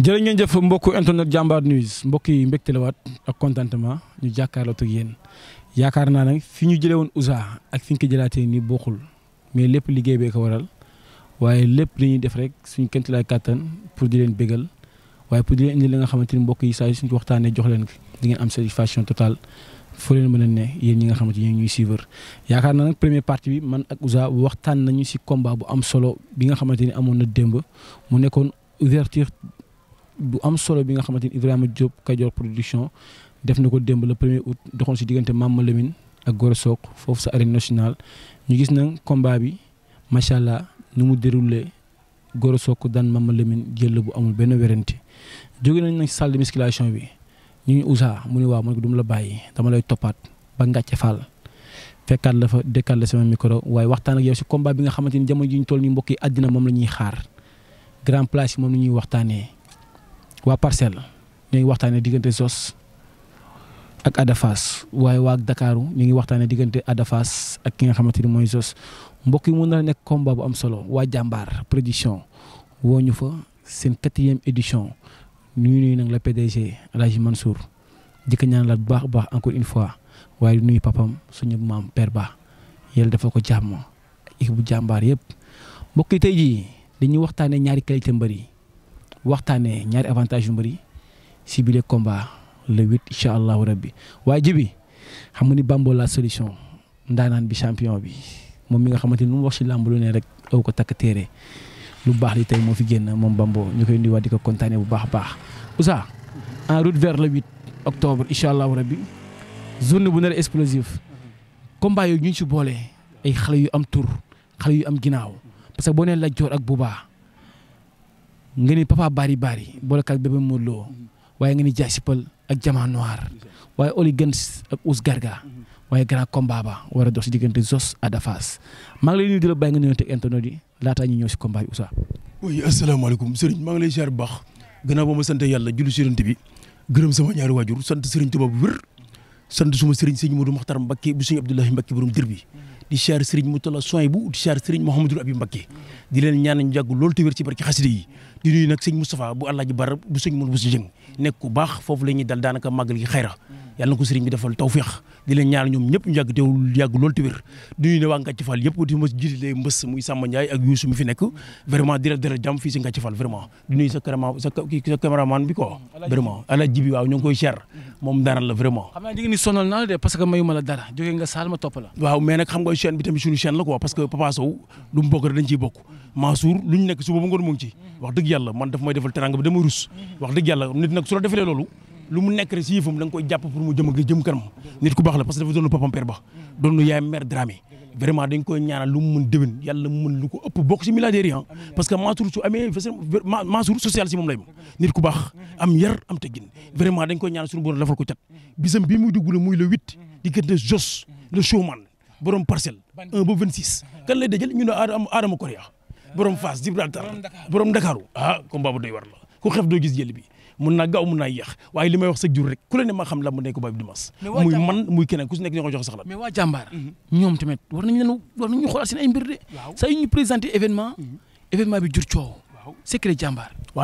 jërë ngeen jëf mbokku internet jàmbaar news mbokk yi mbégte la waat ak contentement ñu jàkkaarloo ak yéen yaakaar naa nag fi ñu jëlee woon Ouza ak fi ñu ko jëlaatee nii bokkul mais lépp liggéey bee ko waral waaye lépp li ñuy def rek suñu kent laay kàttan pour di leen bégal waaye pour di li nga xamante ni mbokk yi saa yu waxtaanee jox leen di ngeen am satisfaction totale foo leen mën a ne yéen ñi nga xamante ni ñuy suivre yaakaar naa nag première partie bi man ak Ouza waxtaan nañu si combat bu am solo bi nga xamante ni amoon na démb mu nekkoon ouverture bu am solo bi nga xamante ni Ibrahima Diop Kajoor production def na ko démb le premier août doxoon si diggante Mama Lamine ak Gora Sock foofu sa arène nationale ñu gis na combat bi macha allah nu mu déroulé Gora Sock mam Mama Lamine jël bu amul benn werante jóge nañ nag salle de musculation bi ñu ngi usa mu ni waaw man ko du mu la bàyyi dama lay toppaat ba ngàcce faal fekkaat la fa dëkkaat la sama micro waaye waxtaan ak yow si combat bi nga xamante ni jamono ji ñu toll nii mbokk yi àddina moom la ñuy xaar grand moom la ñuy waxtaanee. waa parcelle ñu ngi waxtaanee diggante Zos ak Adafas waaye waa Dakaru ñu ngi waxtaanee diggante Adafas ak ki nga xamante ni mooy Zos mbokk yi mun na nekk combat bu am solo waa jàmbaar production woo ñu fa seen quatrième édition ñu nuyu nag la PDG El Hadj Mansour di ko ñaanal bu baax baax encore une fois waaye di nuyu papam suñu maam Père Ba yàlla dafa ko jàmm ak bu jàmbaar yëpp mbokk yi tey ji dañuy waxtaanee ñaari qualité mbër yi waxtaanee ñaari avantage yu mbëri si bile combat le huit incha allahu rabbi waaye jibi xam nga ni Bambo la solution ndaanaan bi champion bi moom mi nga xamante ni mu wax si làmb lu rek aw ko takk téere lu baax li tey moo fi génn moom Bambo ñu koy nuyuwaat di ko kontaanee bu baax a baax Ousa en route vers le huit octobre incha allahu rabbi journée bu nar explosive combat yooyu ñu ngi si boole ay xale yu am tur xale yu am ginnaaw parce que boo nee Lat Dior nga ni papa bari bari boole ak bébé Modou Lo waaye nga ni jaasipal ak jamaa noir waaye Oli Gens ak Ous Garga waaye grand combat ba war a dox si diggante Zos a Fass maa ngi lay nuyu la bàyyi nga ñëw teg internet yi laataa ñu ñëw si combat bi Ousa. oui asalaamaaleykum Serigne maa ngi lay ziar bu baax gannaaw ba ma sant yàlla julli si bi gërëm sama ñaari waajur sant Serigne Touba bu wér sant suma Serigne sëñ Modou Makhtar Mbacké bu sëñ Abdoulahi Mbacké borom dir bi di siyaar sëriñ Moutala Soy bu di siyaar sëriñ Mouhamadou Abi Mbacké di leen ñaan ñu jàgg loolu te wér ci barki xasida yi di nuyu nag sëñ Moustapha bu Alaaji Bar bu sëñ Moustapha Jëng nekk ku baax foofu la ñuy dal daanaka màggal gi xayra yàlla na ko sëriñ bi defal tawféex di leen ñaan ñoom ñëpp ñu yàgg teew yàgg loolu te wér duñu ne waa nga saal ma topp la waaw mais nag nekk suba ba ngoon ci mm-hmm. wax dëgg yàlla man daf may defal teranga bi dama rus mm-hmm. wax dëgg yàlla nit nag su defalee loolu lu mu nekk rek si yëfam koy jàpp pour mu jëm ak jëm nit ku la parce que dafa doon papam père ba doon nu yaay mère Dramé vraiment dañ koy ñaanal lu mu mën déwén mu mën lu ko bokk si milliardaires ah. parce que Mansour su si moom lay moom nit ku am yar am teggin vraiment dañ koy ñaanal suñu borom defal ko cat bisam bii muy dugg la muy le huit diggante Jos le showman borom parcelle borom Fass borom Dakaru ah combat bu doy war la bi mun na gaaw mun naa yéex waaye li may wax chaque jour rek ku la ne ma xam la mu nekk boobu dimanche muy man muy keneen ku nekk ñoo ko mais waa jàmbaar mhm. ñoom tamit war nañ leen war nañ ñu xoolaat seen ay mbir de saa yu ñu présenté événement mhm. événement bi jur coow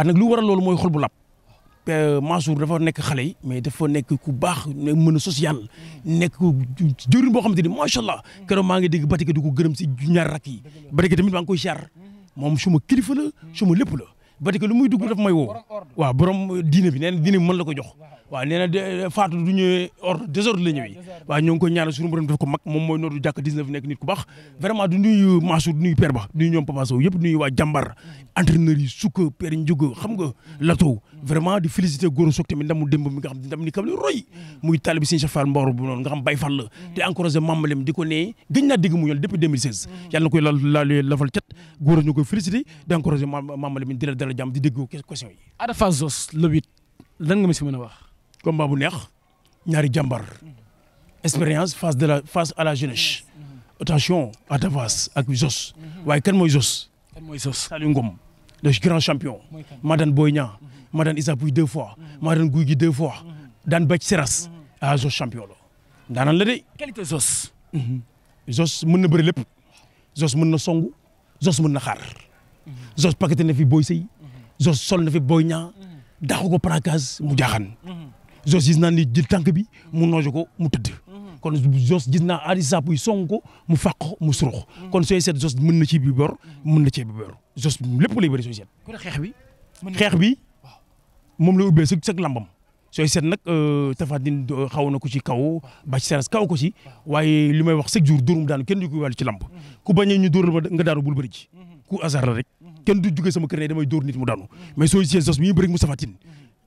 nag lu waral loolu mooy xol bu lab Mansour dafa nekk xale yi mais dafa nekk ku baax mën a social mhm. nekk jëriñ boo xamante ni macha allah keroog maa ngi dégg Batika di ko gërëm si ñaar rakk yi Batika tamit maa ngi koy char moom suma kilifa la suma lépp la batike lu muy dugg daf may wo waaw borom diine bi nee na diine bi ko jox waaw nee na Fatou du ñëwee ordre désordre la ñëwee waaw ñoo ngi ko ñaanal ko mag moom mooy nootu jàkk 19 nekk nit ku baax vraiment du nuyu Mansour du nuyu Père Ba du nuyu waa jàmbar mm. entraîneurs yi sukka Père Ndiouga xam nga mm. Lato vraiment di féliciter Goro Sock tamit ndamu démb mi nga li roy mm. muy taalibe Serigne Cheikh Fall Mbawar bu nga xam Baye Fall la te encouragé mamalem di ko ne gëj naa dégg mu yoon depuis 2016 na koy la lafal cat Goro a wax combat bu neex ñaari jambar expérience face de la face à la jeunesse attention à Tafas ak jos waaye kan mooy jos kan Ngom le grand champion. Madan daan Boy Niang deux fois Madan daan deux fois Dan Bac Seras ah Zos champion la daanaan la de. qualité Zos. Mhm. Zos mën na bëri lépp Zos mën na songu Zos mën na xaar Zos paqueté na fi Boy Sey Zos sol na fi Boy Niang dàqu mu Jos gis naa ni bi mu nooju ko mu tëdd. Mhm. kon Jos gis naa Adi Sapp yi mu fàq ko mu surux. Mhm. kon sooy seet Jos mën na ci bi bor mhm. mën na cee bi bor Jos lépp lay bëri sooy seet. kon bi. xeex bi la sa sa lambam. sooy seet nag euh, Tapha Tine na ko ci kaw ba kaw ko ci waaye li may wax chaque jour dóorum daanu kenn du ko wàllu ci lamb ku bañee ñu nga daanu bul bëri ci ku hasard la rek kenn du jógee sama kër ne damay dóor nit mu daanu mais sooy seet Jos mi ngi mu Tapha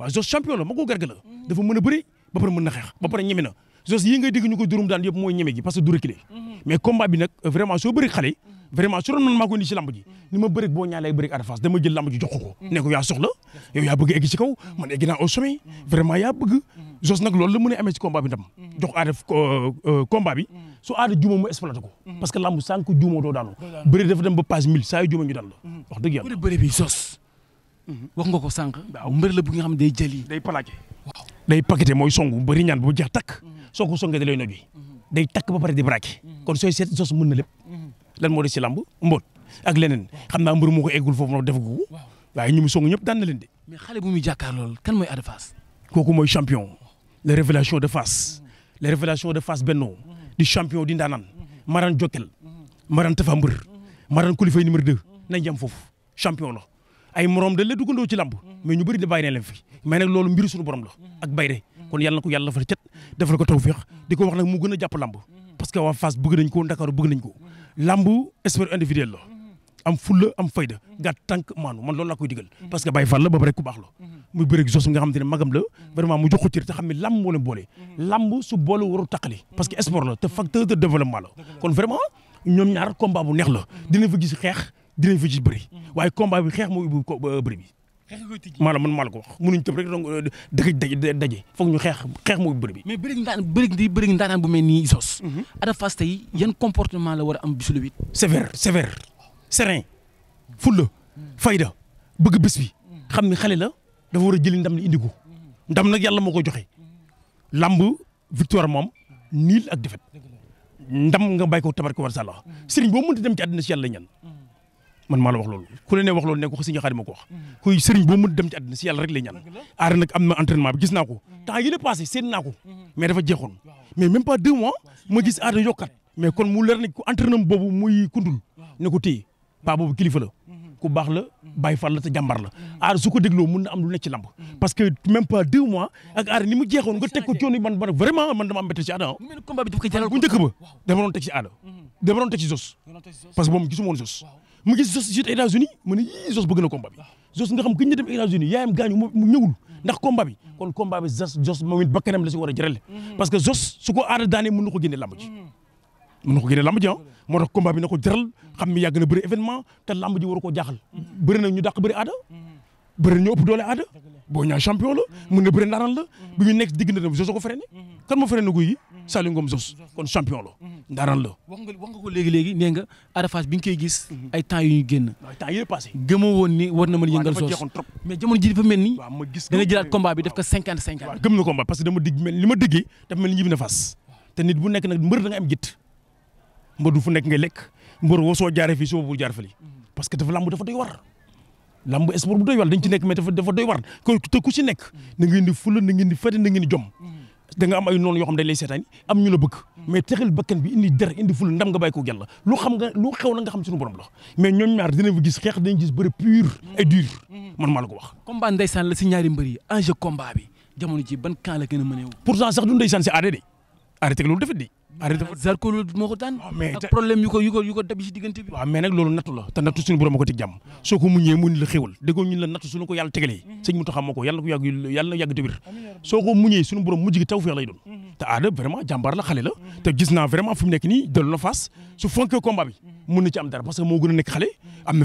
waaw Zoss champion la magoo garga la dafa mën a bëri ba pare mën na xeex ba pare ñeme na Zoss yi ngay dégg ñu ko durum daan yëpp mooy ñeme gi parce que du reculer mhm. mais combat bi nag vraiment soo bëri xale mhm. vraiment su doon man maa ko indi ci lamb ji mhm. ni ma bëri boo ñaa lay bëri Ada Fass dama jël lamb ji jox ko ne ko yaa soxla yow yaa bëgg egg ci kaw man egg naa au sommet vraiment yaa bëgg Zoss nag loolu la mën a amee ci combat bi ndam jox Ada euh, euh, combat bi su Ada juuma mu exploité ko parce que lamb sànq juuma doo daanu bëri dafa dem ba page mille saa yu juuma ñu daan la wax dëgg yàlla bëri bi Zoss wax nga ko sànq. waaw mbër la bu nga xam day jëli. day plaqué waaw. day paqueté mooy song bu bëri ñaan bu jeex takk. soo ko songee da lay noyyi. Mm-hmm. day takk ba pare di braqué. kon sooy seet sos mën na mm-hmm. lan moo des ci làmb leneen xam naa mbër moo ko foofu noonu def ko waaye ñu mu song daan na de. mais kooku mooy champion. Mm-hmm. la révélation de Fass. la révélation de Fass Benno di champion di ndaanaan. Maran Jokkel. Maran Tafa Mbër. Maran Kulifay numéro 2. nañ jam foofu champion ay morom dañ la duggandoo ci lamb mais ñu bëri da bàyyi ne leen fi mais loolu mbiru suñu borom la ak bayre kon yàlla na ko yàlla fa cet defal ko tawféex di ko wax nag mu gën a jàpp lamb parce ko Ndakaaru bëgg ko lamb espère individuel la am fulla am fayda gàtt tànk maanu man loolu koy digal parce que Baye Fall la ba rek ku baax nga xam magam la vraiment mu jox ko te xam ne lamb boole lamb su boole waru dinañ fa ci mm-hmm. waaye combat bi xeex moo ubbi ko euh, bëri bi maanaam man ko wax mënuñ tëb rek donc euh, dëgg daje foog ñu xeex xeex moo bëri bi mais a ndaan bëri di bëri ndaanaan bu mel nii Zos mm-hmm. Ada Fass tey yan comportement la war a am bisu le huit sévère sévère serein fulla mm-hmm. fayda bëgg bés bi xam ni xale la dafa war a ndam li indi ko ndam na yàlla moo koy joxe lamb victoire moom niil ak défaite ndam nga bàyyi ko tabaraka wa taala sëriñ boo mënti dem ci àddina si yàlla ñan man maa la wax loolu ku ne wax loolu ne ko Serigne Khadim ma ko wax mm. kuy sëriñ boo mën dem ci àddina si yàlla rek lay ñaan aar nag na entraînement bi gis mm. passé seen naa mm-hmm. mais dafa jeexoon mais même deux mois ma gis aar yokkat téye paa boobu kilifa la mm-hmm. ku baax la mm-hmm. bàyyi fan la te jàmbar la aar su ko dégloo mun na que même deux mois ak ni mu jeexoon nga teg ko coono man man vraiment man dama am mbette ci ah. ba dama doon teg ci aada dama doon teg ci jos parce que mu gis Zoss jot États-Unis mu ne yii Zoss bëgg na combat nga xam gën na dem États-Unis yaayam mu ñëwul ndax combat bi kon combat bi Zoss Zoss moom it bakkanam la si war a mhm. parce que Zoss su ko aada daanee mën na ko génne ji mën na ko génne ji ah. moo tax combat bi na ko jëral xam ni yàgg na bëri événement te ji war koo jaaxal mhm. bëri na ñu dàq bëri aada mhm. bëri ñu ëpp doole aada boo ñaa champion la mën na bëri Saliou Ngom kon champion la mhm. ndaran la wax nga wax bi nga koy gis mhm. ay temps yu ñu génn temps war na mën yëngal Zos mais jamono ji dafa mel ni da nga jëlaat combat bi def ko cinquante cinquante parce que dama ma déggee dafa mel ni ñibbi na te nit bu nekk nag mbër da nga am jët mbër du fu nekk ngay lekk mbër woo jaaree fii soo bul jaar fële mhm. parce que dafa lamb dafa doy war lamb sport bu doy war dañ ci nekk mais dafa doy danga nga am ay noonu yoo xam dañ lay seetaan am ñu la bëgg mm. mais texal bakkan bi indi der indi ful ndam nga bàyyi ko yàlla lu xam nga lu xew na nga xam suñu borom la mais ñoom ñaar dinañ fa gis xeex dañ gis bëri pur mm. et dur mm. man maa la ko wax combat ndeysaan la si ñaari mbër yi enjeu combat bi jamono ji ban camp la gën a mëneewu pourtant sax du ndeysaan si aada de arrêté loolu defet di Bari ah, ah, mais nag loolu nattu la te nattu suñu borom a ah. soo ko muñee mu ni la xéwal déggoo ñu la nattu suñu ko yàlla tegalee mm-hmm. sëñ mu na ko yàgg soo ko muñee suñu borom mujj taw feex lay doon mm-hmm. te aada vraiment jàmbaar la xale la mm-hmm. te gis naa vraiment fu mu nekk nii dara parce que nekk xale am na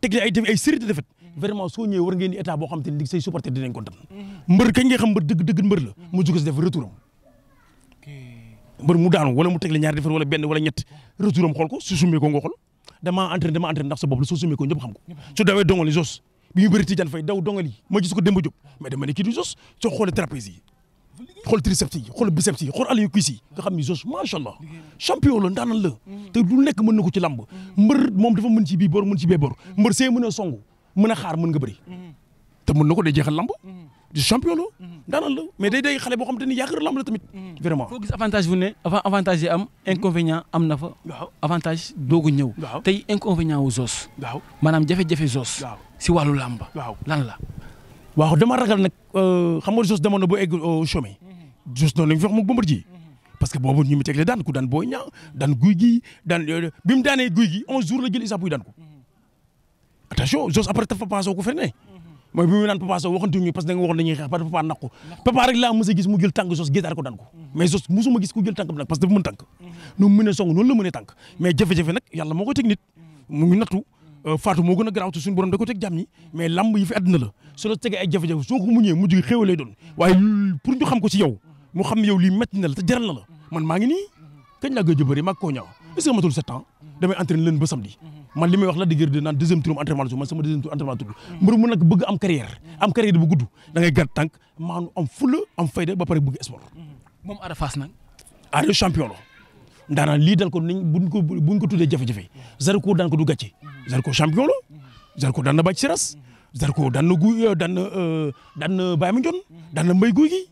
teg ay ay série de défaite vraiment soo état boo xam te ne say supporter dinañ kontaan mbër kañ ngay xam mbër dëgg dëgg mbër la mu jóge si def retouram mbër mu wala mu teg la ñaari wala benn wala ñett retouram xool ko su ko nga xool damaa entraîné damaa entraîné ndax sa bopp la ko ñëpp xam ko su dawee dongali jos bi ñu bëri Tidiane Faye daw dongali ma gis ko démb jóg mais dama ne jos soo xoolee xool triceps yi xool biceps yi xool de cuisse nga xam ni champion la ndaanan la te lu nekk mën na ko ci très mbër moom dafa mën ci bii bor mën ci bee bor mbër see mën a song xaar mën nga bëri te mën na day jeexal lamb di champion la mais day day xale boo xam te ni yaakaar la tamit vraiment avantage bu ne avantage am inconvénient am na avantage doogu ñëw tey inconvénient wu Zoss waaw maanaam jafe si wàllu làmb lan la waaw dama ragal nag euh, xam jos demoon na egg au jos noonu lañ fi parce que boobu ñu mu tegle daan ku daan booy ñaaw daan guy gi daan euh, bi guy gi 11 jours la jël Issa Pouye daan ko attention jos après dafa Papa Sow ko ferne mooy bi mu naan Papa Sow waxantuñu parce que parce que Papa naq Papa rek laa mës a gis mu jos gétaar ko daan ko mais jos mosuma gis ku jël tànk parce que dafa mën tànk mhm. nu mu mënee song noonu la mais Euh, faatu moo gën a garaaw suñu borom da ko teg jàmm ñi mais lamb yi fi àdduna la su la tegee ay jafe-jafe soo ko muñee mujj gi xéewal lay doon waaye pour ñu xam ko ci yow mu xam yow na la te jaral na la man maa ngi nii kañ laa gëj a bëri maag koo est-ce matul ans damay leen ba samedi man li wax la dëgër de naan deuxième tour entraînement man sama deuxième tour entraînement tudd mu bëgg am carrière am carrière bu gudd da ngay am fulla am fayda ba pare bëgg sport moom Ada Fass nag champion ndaanaan lii dal ko niñ buñ ko ko tuddee jafe-jafe Zarko daan ko du gàcce Zarko champion la Zarko daan na bàcc siras Zarko daan na guy euh, daan na euh, daan na Baye Mandione daan na mbay guy gi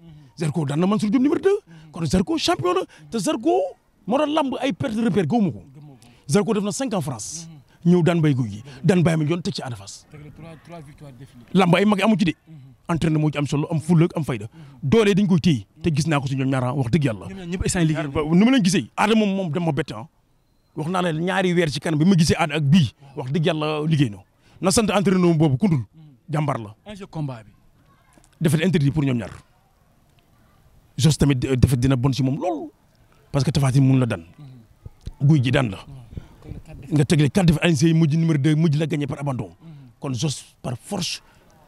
Zarko daan na Mansour Diop numéro 2 kon Zarko champion la te Zarko moo doon ay perte de repère gëwuma ko Zarko def na cinq ans France ñëw daan mbay guy gi daan Baye Mandione teg ci ay mag amu de entraîné moo ci am solo am fulla am fayda doole dañ koy téye te gis naa ko si ñoom ñaara wax dëgg yàlla nu ma leen gisee aada moom moom dama bett ah wax naa la ñaari weer ci kanam bi ma gisee aada ak bii wax dëgg yàlla liggéey na na sant entraîneur boobu kundul jàmbaar la enjeu combat bi defet interdit pour ñoom ñaar jos tamit defet dina bon si moom loolu parce que tafaati mun la dan guy ji daan la nga tëgle quatre def ANC mujj numéro deux mujj la gagné par abandon kon jos par force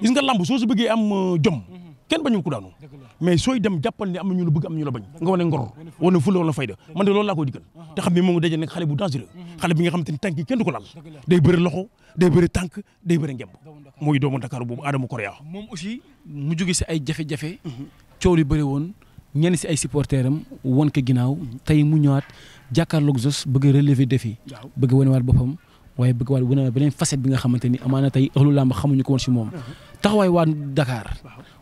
gis nga lamb soo si bëggee am euh, jom mhm. kenn bañul ku daanu mais sooy dem jàppal ne am na ñu la bëgg am ñu la bañ nga wane ngor wane fulla wala fayda man de loolu laa koy digal te xam ne moom mhm. nga xam te ne tànk yi kenn du ko laal day si ay jafe mhm. am won ko ginnaaw tey mu ñëwaat jàkkaarloog Zoss bëgg relever défi bëgg wanewaat boppam waaye bëgg waat wanewaat beneen bi nga xamante ni amaana tey ëxlu làmb xamuñu ko woon si moom taxawaay waa Dakar.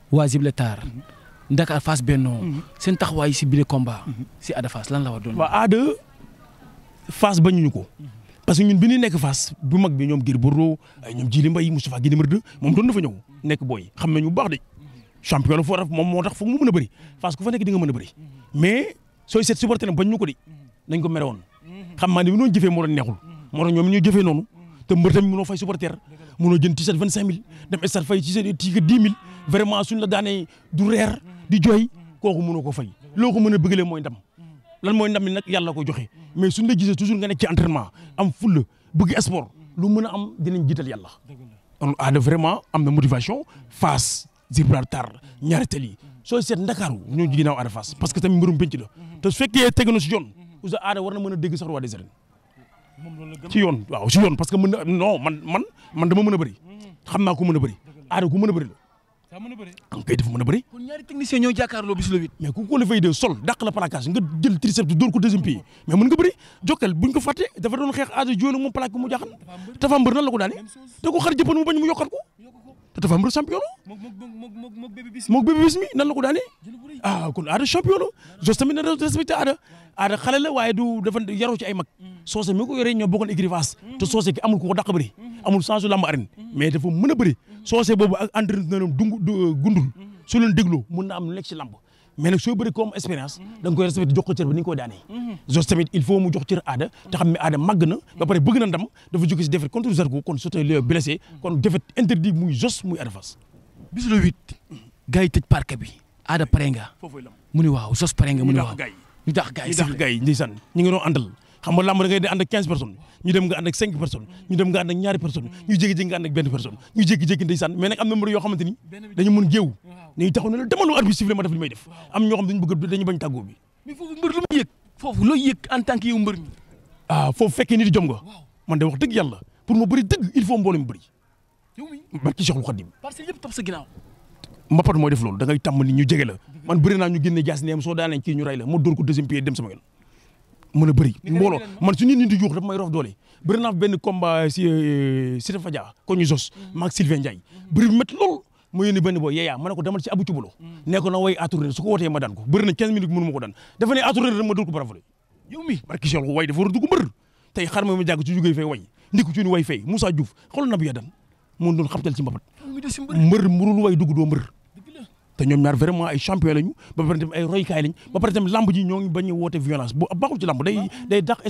waa Gibraltar. Mm-hmm. Dakar Fass Benno. Mm-hmm. seen taxawaay si biir combat. Mm-hmm. si Ada Fass lan la war doon. waaw Ada Fass bañuñu ko. parce que ñun bi ñu nekk Fass bu mag bi ñoom Gris Bordeaux ay ñoom Djily Mbaye Moustapha Guèye numéro 2 moom doon na fa ñëw nekk booy xam nañu bu baax de champion foo moom moo tax foog mu mën a bëri Fass ku fa nekk di nga mën a bëri mais sooy seet supporter bañ ñu ko de dañ ko mere woon xam maa ne bi noonu jëfee moo te mbër tamit fay supporter mënoo jënd t-shirt vingt dem stade fay ci shirt t-shirt vraiment suñ la daanee du reer di joy koku mënoo ko fay loko mëna mën moy ndam lan moy ndam li nag yàlla ko joxé mais suñ la gisee toujours nga nekk ci entraînement am full bëgg sport lu mëna am dinañ jiital yalla on a ah, de vraiment am na motivation face Gibraltar ñaar tali so seet Ndakaaru ñu ginnaaw aada face parce que tamit mbirum penc la te su fekkee teg na si yoon usa aada war na mëna dégg sax roi des arènes ci yoon waaw ci man dama mën a bëri hmm. xam naa ko mën ku mën a bëri kay dafa mën a mais ku ko lefay de sol dàq la nga jël triceps dóor ko deuxième pied mais mën nga bëri jokkal buñ ko fàtte dafa doon xeex aada jooy la moom plaque mu jaaxal dafa mbër daane te ko xar jëppan mu bañ mu yokkat ko te dafa mbër champion la. moog bébé bis mi moog bébé bis mi nan la ko daanee. ah na respecté aada. aada xale la waaye du ci ay mag. Mm. soose mi ko yoree ñoo bokkoon écurie Fass mm. soose ki amul ku ko dàq bëri. Mm. amul chance su mais dafa mën a bëri. soose boobu ak entraîneur dungu gundul. su leen mun na am nekk ci lamb. mais nag soo bëri ko am expérience da nga koy respecté jox ko cër ba ni nga koy daanee Zoss tamit il faut mu jox cër aada te xam ne aada màgg ba pare bëgg na ndam dafa jóge si défaite contre Zarko kon soto lio blessé kon défaite interdit muy Zoss muy Ada Fass bis le huit gars yi tëj aada pare nga mu waaw Zoss pare nga mu ni waaw ñu tax gars yi ñu ngi doon xam nga lamb da ngay ànd ak 15 personnes ñu dem nga ànd ak 5 personnes ñu dem nga ànd ak ñaari personnes ñu jékki-jékki nga ànd ak benn personne ñu jékki-jékki ndeysaan mais nag am na mbir yoo xamante ni dañu mën géew dañuy taxaw ne la demal arbitre sifflé ma def li def am ñoo xam dañu bëgg dañu bañ tàggoo bi mais foofu mbër lu muy yëg foofu looy en tant que yow mi ah foofu fekkee nit jom nga man de wax dëgg yàlla pour ma bëri dëgg il faut mbooloo mi bëri barki Cheikhul Khadim parce que yëpp topp sa ginnaaw mbapat mooy def loolu da ngay tàmm ni ñu jege la man bëri naa ñu génne jaas neem soo daanee kii ñu ray la ko deuxième pied dem sama mën a bëri mbooloo man su nit ñi di yuux daf may rof doole bëri naa benn combat si Cité euh, Fadia ko ñu jos mm. maag Sylvain Ndiaye bëri bu lool ma yónni benn boo yeeyaa ma ko demal ci Abou Cubulo mm. ne ko na way atouré su ko wootee ma daan ko bëri na 15 minutes mënu ma ko daan dafa ne atouré ma dóor ko brafale yow mi barki sol way dafa war a dugg mbër tey xar ma ma jàgg ci jógee fay way ndiku ci ñu way fay Moussa Diouf xool na bu ya dan moo doon xabtal ci mbapat mbër mbërul way dugg doo mbër te ñoom ñaar vraiment ay champion lañu ba pare tamit ay roykaay ji ñoo ngi bañ a woote violence bu baaxul ci lamb day day dàq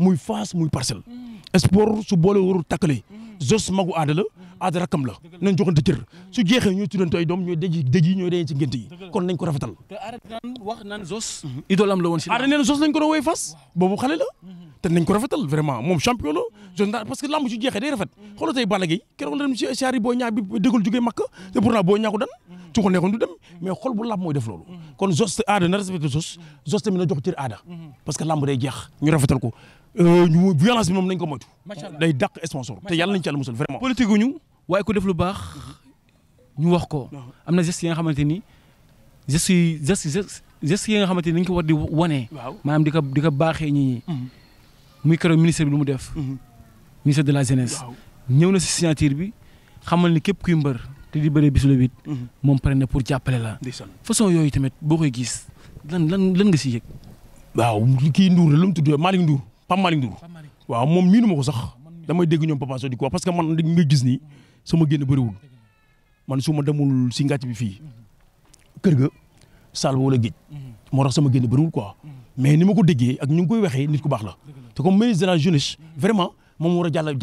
muy Fass muy Parcelles sport su boole warul takkale jos magu aada la rakkam la nañ joxante cër su jeexee ñooy tuddante doom ñooy dëj ñooy dee ci ngénte yi kon nañ ko rafetal te aada daan wax naan jos idolam boobu xale te nañ ko rafetal vraiment moom champion parce que lamb su jeexee day rafet xoolal tey Balla Gaye keroog la dem si saari boo ñaa na respecté Zoss Zoss tamit euh, baax ñu wax ko am na geste yi nga xamante ni ni dañ war di wane maanaam di ko di ko baaxee muy keroog ministre bi lu mu def. Mhm. ministre de la jeunesse. ñëw na si signature bi xamal ni képp kuy mbër te di bëree bisu la huit. Mhm. moom pare na pour jàppale la. façon yooyu tamit boo koy gis lan lan lan nga si yëg. waaw kii Ndour la lu mu tudd Malick Ndour Pape Malick Ndour. waaw moom miinu ma ko sax damay dégg ñoom Papa Sow di ko parce que man nga gis ni sama génn bëriwul man su ma demul si ngàcc bi fii kër ga saal wala géej mhm. moo tax sama génn bëriwul quoi mais ni ma ko déggee ak ñu ngi koy waxee nit ku baax la. te comme ministre de la jeunesse moom war a jàll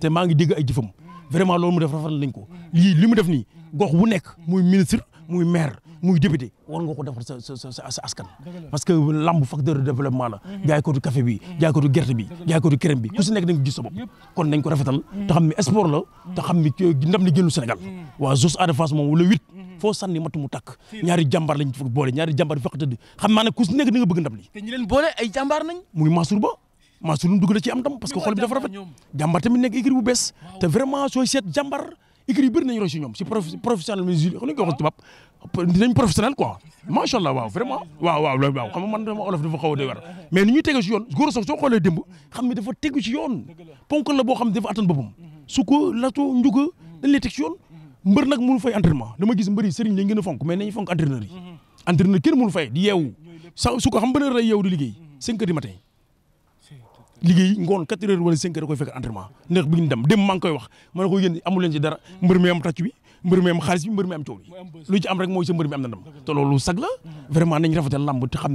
te maa ngi dégg ay jëfam vraiment loolu mu def rafetlu nañ ko lii li mu def nii gox bu nekk muy ministre muy maire muy député war nga ko defal askan parce que lamb facteur de la mhm. jaay ko du café bi jaay ko du gerte bi jaay ko du crème bi ku nekk da nga gis sa kon nañ rafetal mhm. te xam ne la te xam ne ndam li Sénégal mhm. waa Jos Ada Fass moom wala huit foo sànni maa lu mu dugg da ci am tam parce que xol bi dafa rafet jàmbar tamit nekk écurie bu bees te vraiment sooy seet jàmbar écurie yi bëri nañu roy si ñoom si professionnel mais xol ñu ko wax tubaab dinañ professionnel quoi macha allah waaw vraiment waaw waaw loolu waaw xam nga man dama olof dafa xaw ni ñuy tege si yoon góor soog soo xoolee démb xam ne dafa tegu si yoon ponk la boo xam ne dafa attan boppam mhm. su ko lato njuga dañ lay teg si yoon mhm. mbër nag mënu fay liggéey ngon? 4 heures wala 5 heures koy fekk entraînement ndax bi dem dem maa ngi koy wax ma ne ko yéen amul leen ci dara mbër mi am tàcc bi mbër mi am xaalis bi mbër mi am bi lu ci am rek mooy sa mbër mi am na ndam te loolu sag la vraiment nañ rafetal làmb te xam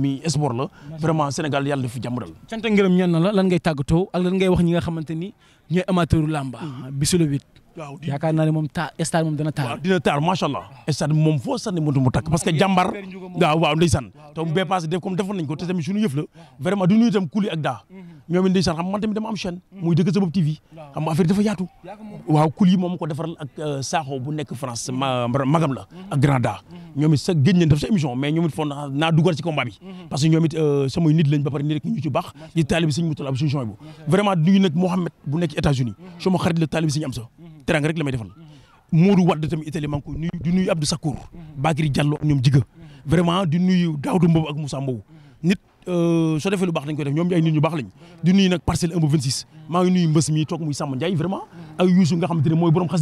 la vraiment Sénégal fi la lan ngay ak lan ngay wax ñi nga ñooy amateuru lamba. Mhm. bisu le huit. waaw yaakaar naa ne moom taa stade moom dana taar. waaw allah. stade moom foo sànni mënut takk parce que mm. jàmbar. waaw waaw ndeysaan te bu bee passé def comme defoon nañ ko te tamit suñu yëf la vraiment kuli ak daa. Mhm. ñoom it ndeysaan xam man tamit dama am chaîne. Mhm. muy dëgg sa bopp TV. xam nga affaire yaatu. waaw kuli moom ko defaral euh, saaxo bu nekk France magam la. ak grand daa. ñoom it sa géej nañ def sa émission mais ñoom it foog naa dugal ci combat bi mhm. parce euh, nit lañ ba pare nit ñu ci baax di mhm. mhm. maa ngi nit euh, soo toog muy Samba Ndiaye vraiment ak Youssou nga xamante mooy borom xas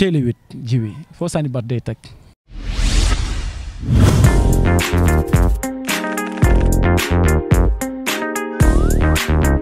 teel a foo sànni bat day